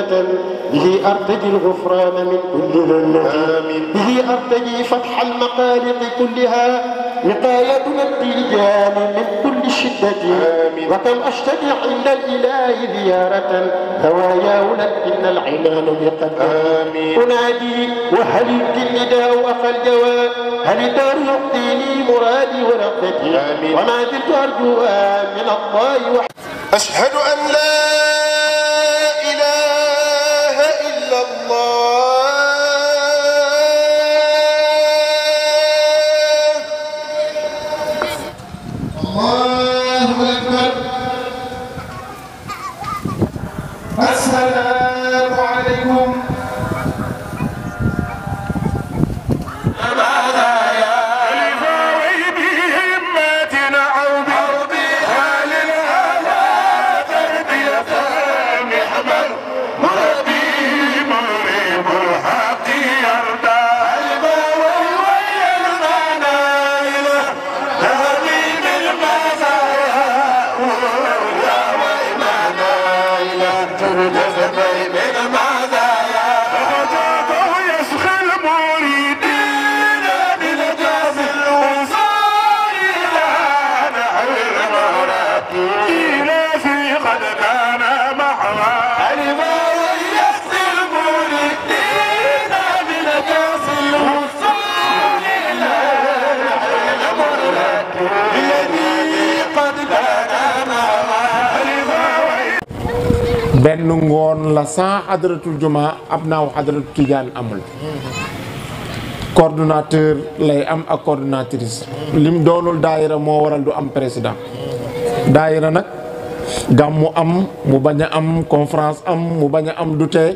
جنة به أرتجي الغفران من كل ذنة به أرتجي فتح المقالق كلها وقايتنا التيجان من كل شدة وكم أشتكي عند الإله زيارة هوايا ولكن العنان بقدر أنادي وهل يمكن نداء أخا الجواب هل دار يقضيني مرادي ورغبتي وما زلت أرجوها من الله وحده أشهد أن لا benn ngoon la sans xadratul juma ab naaw xadratu tijaan amul coordonnateur lay am ak coordonnatrice lim doonul daayira moo waral du am président daayira nag gàmmu am mu bañ a am conférence am mu bañ a am du tee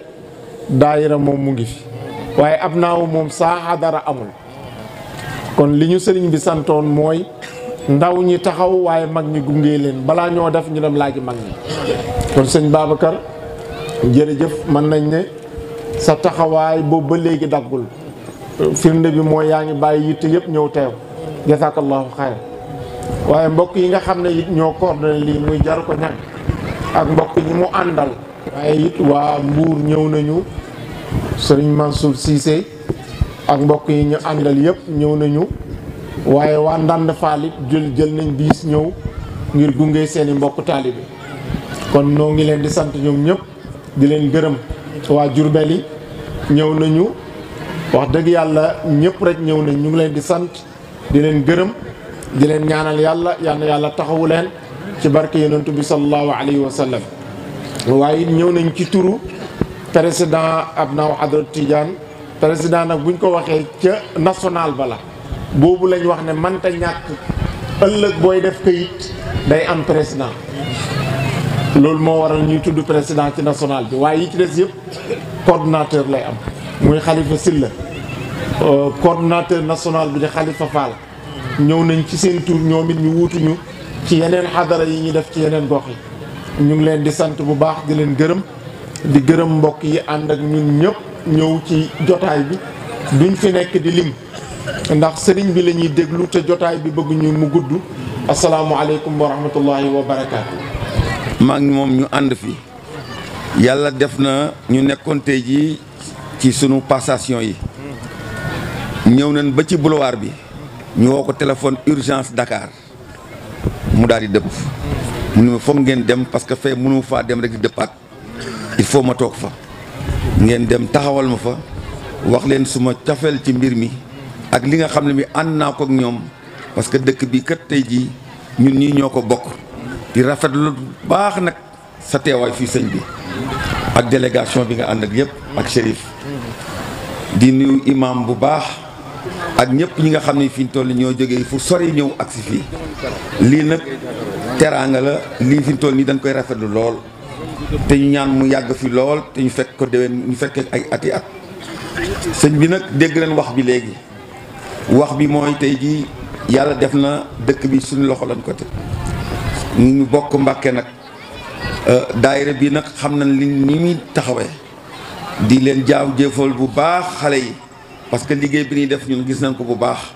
daayira moom mu ngi waaye ab naaw moom saa xadara amul kon li ñu sëriñ bi santoon mooy ndaw ñi taxaw waaye mag ñi gunge leen balaa ñoo def ñu dem laaji mag ñi kon sëñ Babacar jërëjëf mën nañ ne sa taxawaay boobu ba léegi daggul firnde bi mooy yaa ngi bàyyi yitte yëpp ñëw teew jazakallahu xayr waaye mbokk yi nga xam ne it ñoo coordonné lii muy jaru ko ñag ak mbokk yi mu àndal waaye it waa mbuur ñëw nañu sëriñ Mansour Cissé ak mbokk yi ñu àndal yëpp ñëw nañu waaye waa ndànd faalit jël jël nañ biis ñëw ngir gunge seeni mbokk taalibe kon noo ngi leen di sant ñoom ñëpp di leen gërëm waa Jurbel ñëw nañu wax dëgg yàlla ñëpp rek ñëw nañ ñu ngi leen di sant di leen gërëm di leen ñaanal yàlla yal na yàlla taxawu leen ci barke yonent bi sallallahu alayhi wa sallam waaye ñëw nañ ci turu président Abnaaw Hadrat Tidiane président nag buñ ko waxee ca national ba la boobu lañ wax ne mënta ñàkk ëllëg booy def kayit day am président loolu moo waral ñuy tudd président ci national bi waaye yi ci des yëpp coordonnateur lay am muy Khalifa Silla euh, cordinateur national bi di Khalifa Fall ñëw nañ ci seen tur ñoom ñu wuutuñu ci yeneen xadara yi ñu def ci yeneen gox yi ñu ngi leen di sant bu baax di leen gërëm di gërëm mbokk yi ànd ak ñun ñëpp ñëw ci jotaay bi duñ fi nekk di lim ndax sëriñ bi la ñuy déglu te jotaay bi bëgg ñu mu gudd asalaamualeykum wa rahmatullahi wa barakaatu. maa moom ñu ànd fi yàlla def na ñu nekkoon tey jii ci sunu passation yi ñëw neen ba ci boulevard bi ñu woo ko téléphone urgence Dakar mu daal di dëpp mu ne ma foog ngeen dem parce que fee mënu faa dem rek di dëppaat il faut ma toog fa ngeen dem taxawal ma fa wax leen suma cofeel ci mbir mi ak li nga xam ne bi ànd naa ko ak ñoom parce que dëkk bi kat tey jii ñun ñii ñoo ko bokk di rafetlu bu baax nag sa teewaay fii sëñ bi ak délégation bi nga ànd ak yëpp ak shérif di nuyu imam bu baax ak ñëpp ñi nga xam ne fi ñu toll ñoo jógee fu sori ñëw ak si fii lii nag teraanga la lii fi ñu toll nii dañ koy rafetlu lool te ñu ñaan mu yàgg fi lool te ñu fekk ko déwén ñu fekk ay ati at sëñ bi nag dégg leen wax bi léegi wax bi mooy tey jii yàlla def na dëkk bi suñu loxo lañ ko te ñu bokk Mbàkke nag euh, daayira bi nag xam na li ni muy taxawee di leen jaam jëfal bu baax xale yi parce que liggéey bi ñuy def ñun gis nañ ko bu baax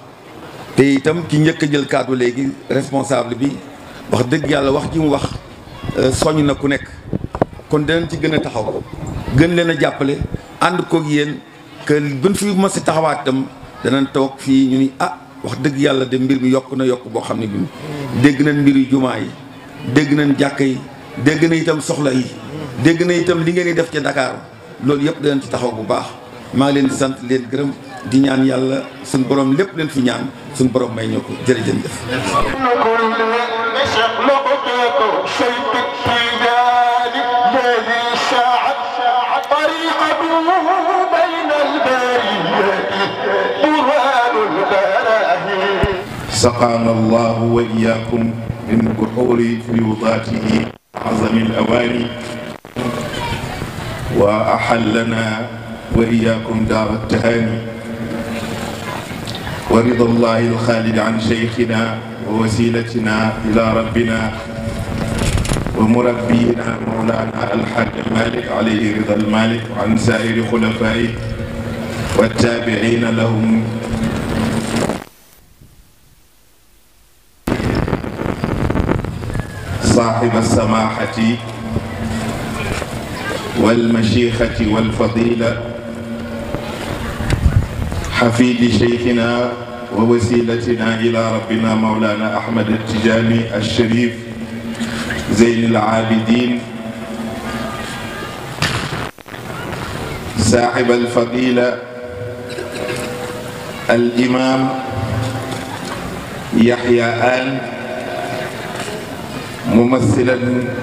te itam ki njëkk a jël kàddu léegi responsable bi wax dëgg yàlla wax ji mu wax euh, soññ na ku nekk kon dinañ ci gën a taxaw gën leen a jàppale ànd koog yéen que bën fi ma si taxawaat itam danañ toog fii ñu ni ah wax dëgg yàlla de mbir mi yokk na yokk boo xam ne bi dégg nañ mbir yu jumaa yi dégg nañ jàkka yi dégg na itam soxla yi dégg na itam li ngeen def ca Dakar loolu yëpp danañ ci taxaw bu baax maa leen di sant leen gërëm di ñaan yàlla suñ boroom lépp leen fi ñaan suñ boroom may ñoo ko jërëjëf def saqaana allahu wa iyaakum من بحور فيوضاته أعظم الأواني وأحلنا وإياكم دار التهاني ورضا الله الخالد عن شيخنا ووسيلتنا إلى ربنا ومربينا مولانا الحاج مالك عليه رضا المالك وعن سائر خلفائه والتابعين لهم صاحب السماحة والمشيخة والفضيلة حفيد شيخنا ووسيلتنا إلى ربنا مولانا أحمد التجاني الشريف زين العابدين صاحب الفضيلة الإمام يحيى آل ممثلا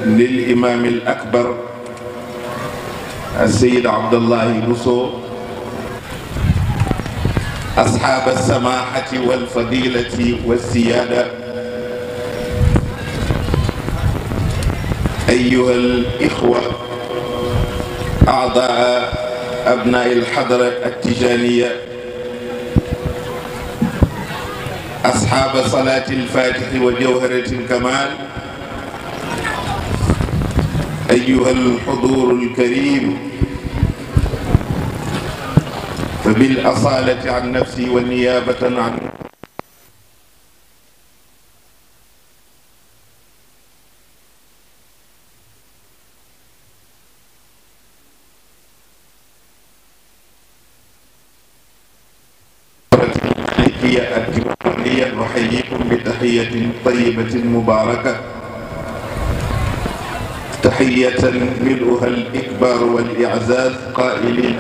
للإمام الأكبر السيد عبد الله بوسو أصحاب السماحة والفضيلة والسيادة أيها الإخوة أعضاء أبناء الحضرة التجانية أصحاب صلاة الفاتح وجوهرة الكمال أيها الحضور الكريم فبالأصالة عن نفسي والنيابة عن المالكية الكمالية نحييكم بتحية طيبة مباركة تحية ملؤها الإكبار والإعزاز قائلين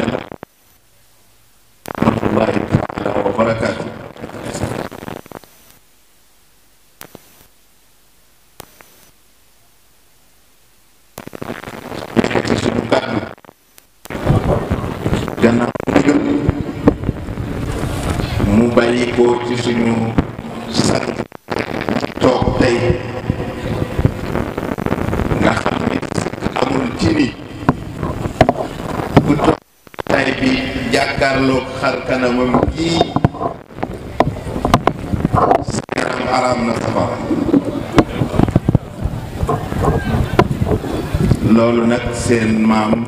loolu nag seen maam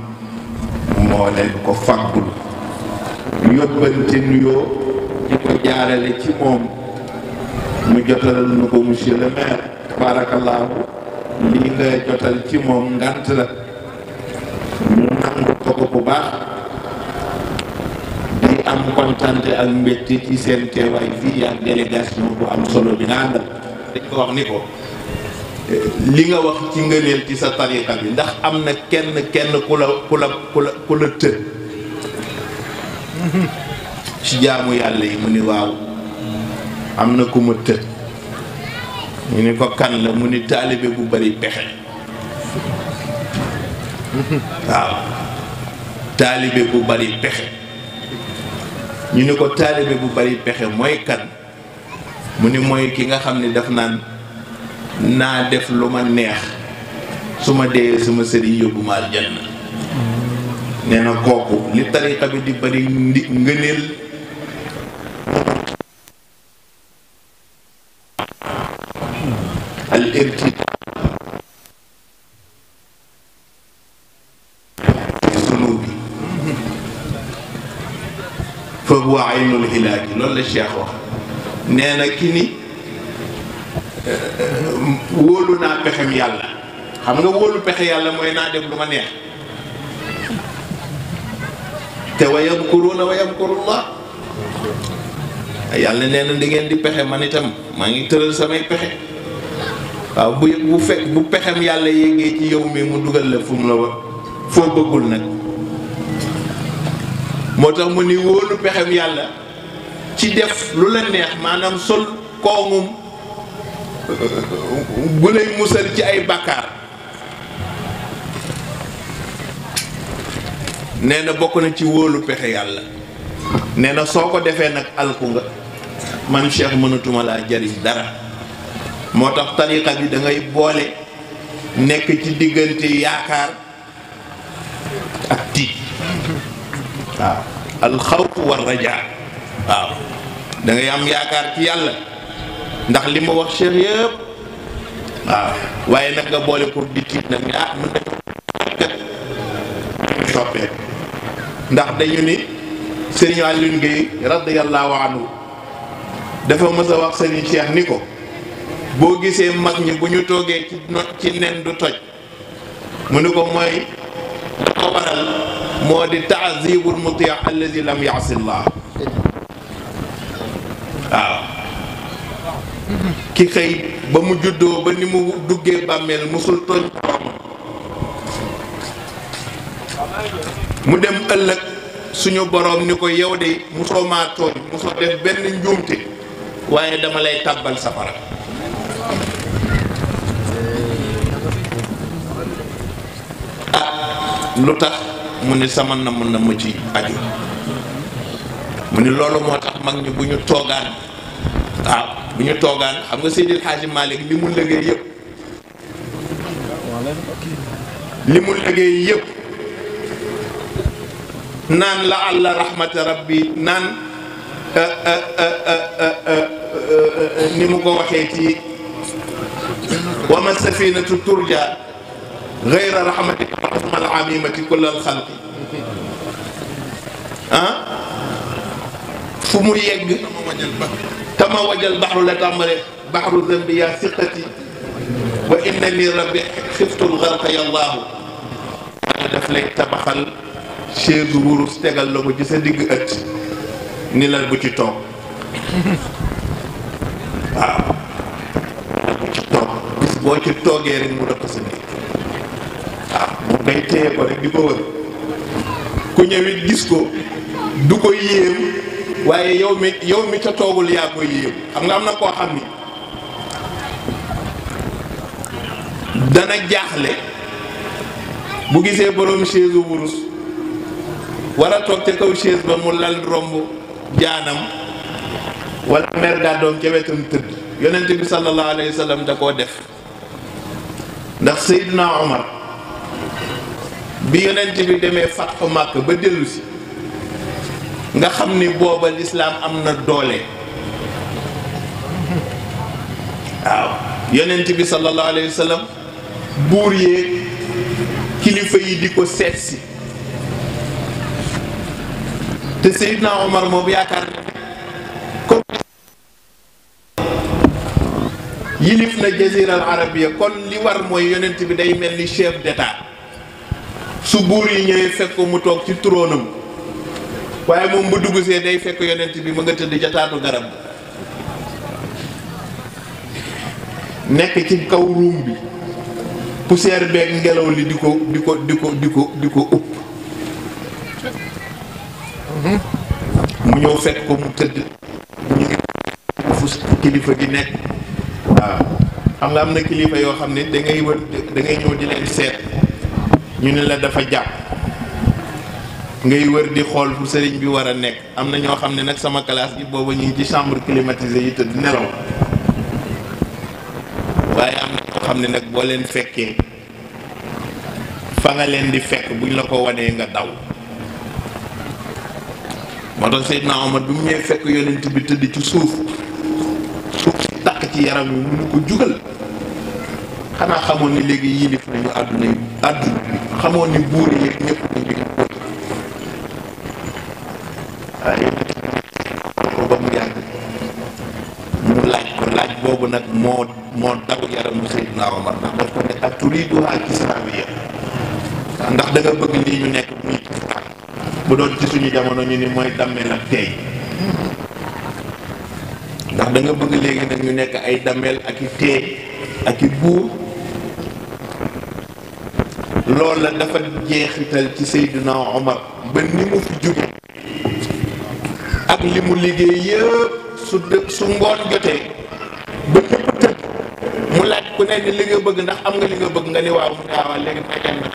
moo leen ko fàggul yóbbante nuyoo di ko jaarale ci moom mu jotalal nu ko monsieur le maire tabaarakallaahu lii nga jotal ci moom ngant la ñu nangu ko ko bu baax di am kontante ak mbégte ci seen teewaay fii ak délégation bu am solo bi naan dañ ko wax ni ko li nga wax ci ngëneel ci sa tariqa bi ndax am na kenn kenn ku la ku la ku la ku la tëdd ci jaamu yàlla yi mu ni waaw am na ku ma tëdd mu ni ko kan la mu ni taalibe bu bari pexe waaw taalibe bu bari pexe ñu ni ko taalibe bu bari pexe mooy kan mu ni mooy ki nga xam ni daf naan naa def lu ma neex su ma dee suma sëriñ yóbbu ma aljanna nee na kooku li tariqa bi di bari ndi ngëneel al irti sunu bi fa huwa aynul hilaaki loolu la cheikh wax nee ki ni Euh, wóolu naa pexem yàlla xam nga wóolu pexe yàlla mooy naa def lu ma neex te wa yamkuruuna wa yàlla nee na di ngeen di pexe man itam maa ngi tëral samay pexe waaw bu bu fekk bu pexem yàlla yéegee ci yow mi mu dugal la fu mu foo bëggul nag moo tax mu ni wóolu pexem yàlla ci def lu la neex maanaam sol koomum bu lay musal ci ay bàkkaar nee na bokk na ci wóolu pexe yàlla nee na soo ko defee nag alku nga man cheikh mënatuma laa jariñ dara moo tax tariqa bi da ngay boole nekk ci diggante yaakaar ak tiit waaw alxawf war waaw da am yaakaar ci yàlla ndax li ma wax cher yëpp waaw waaye nag nga boole pour di tiit nag ni ah mën nañu soppee ndax dañu ni sëriñ Alioune Guèye radiyallahu anhu dafa mës a wax sëriñ Cheikh ni ko boo gisee mag ñi bu ñu toogee ci no ci nen du toj mu ni ko mooy da moo di taazibul muti allazi lam yasillah ki xëy ba mu juddoo ba ni mu duggee bàmmeel musul tooñ mu dem ëllëg suñu boroom ni ko yow de musoo maa tooñ musoo def benn njuumte waaye dama lay tàbbal safara ah, lu tax mu ni sama namm na mu ci aju mu ni loolu moo tax mag ñi bu ñu toogaan waaw bu ñu toogaan xam nga Seydil Hadji Malick li mu liggéey yëpp li mu liggéey yëpp naan la allah rahmata rabbi naan euh, euh, euh, ni mu ko waxee ci wama safinatu turja gayra rahmatika wasma alamimati kulla alxalqi ah fu mu yegg kama wajal baxru la tàmbale baxru zambi yaa siqati wa inna ni rabbi xiftul xarqa yallaahu yàlla daf lay tabaxal chaise wurus tegal la ko ci sa digg ëtt ni lal bu ci toog waaw lal bu ci toogee rek mu dëkk sa néeg waaw moom day téye ko rek di ko wër ku ñëwit gis ko du ko yéem waaye yow mi yow mi ca toogul yaa koy yëg xam nga am na koo xam ni dana jaaxle bu gisee borom chaise wurus war toog ca kaw chaise ba mu lal romb jaanam wala mer gàddoom ca wetam tëdd yonent bi sallallahu alayhi wa da koo def ndax Seydina Omar bi yonent bi demee fatxu Màkk ba dellusi nga xam ni booba lislaam am na doole waaw yonent bi sallallahu alayhi buur yeeg kilifa yi di ko seetsi si te Seydina Omar moom yaakaar na yilif na jazira al arabia kon li war mooy yonent bi day mel ni chef d'état su buur yi ñëwee fekk mu toog ci tróonam waaye moom ba dugg see day fekk yonent bi mu nga tëdd ca taatu garab nekk ci kaw ruum bi poussière beeg ngelaw li di ko di ko di ko di ko di ko upp mu ñëw fekk ko mu tëdd ñu ngi fu kilifa gi nekk waaw xam nga am na kilifa yoo xam ne dangay ngay wër da ñëw di leen seet ñu ne la dafa jàpp ngay wër di xool fu sëriñ bi war a nekk am na ñoo xam ne nag sama kalaas bi booba ñu ngi ci chambre climatisée yi tëdd nelaw waaye am na ñoo xam ne nag boo leen fekkee fa nga leen di fekk buñ la ko wanee nga daw moo tax Seydina Omar bi mu ñëwee fekk yonent bi tëdd ci suuf suuf si takk ci yaram yi mënu ko jugal xanaa xamoon ni léegi yilif nañu àdduna yi àdduna bi xamoon ni buur yi ñëpp nañu waaye mu yàgg mu laaj boobu nag moo moo daw yaram Seydina Omar ndax daf ko ne aturiiduhaa islaawiya ndax da bëgg lii ñu nekk mu islam bu doon ci suñu jamono ñu ni mooy dammeel ak teey ndax danga bëgg léegi nag ñu nekk ay dammeel ak i teey ak i buur loola dafa jeexital ci Seydina Omar ba ni mu fi jóge ak li mu liggéey yëpp su dë su ngoon jotee mu laaj ku ne li nga bëgg ndax am nga li nga bëgg nga ni waaw mu daawaa léegi may dem na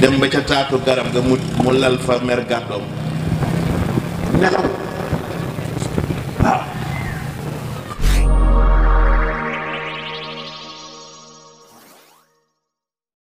dem ba ca taatu garab ga mu mu lal fa mer gàddoom nelaw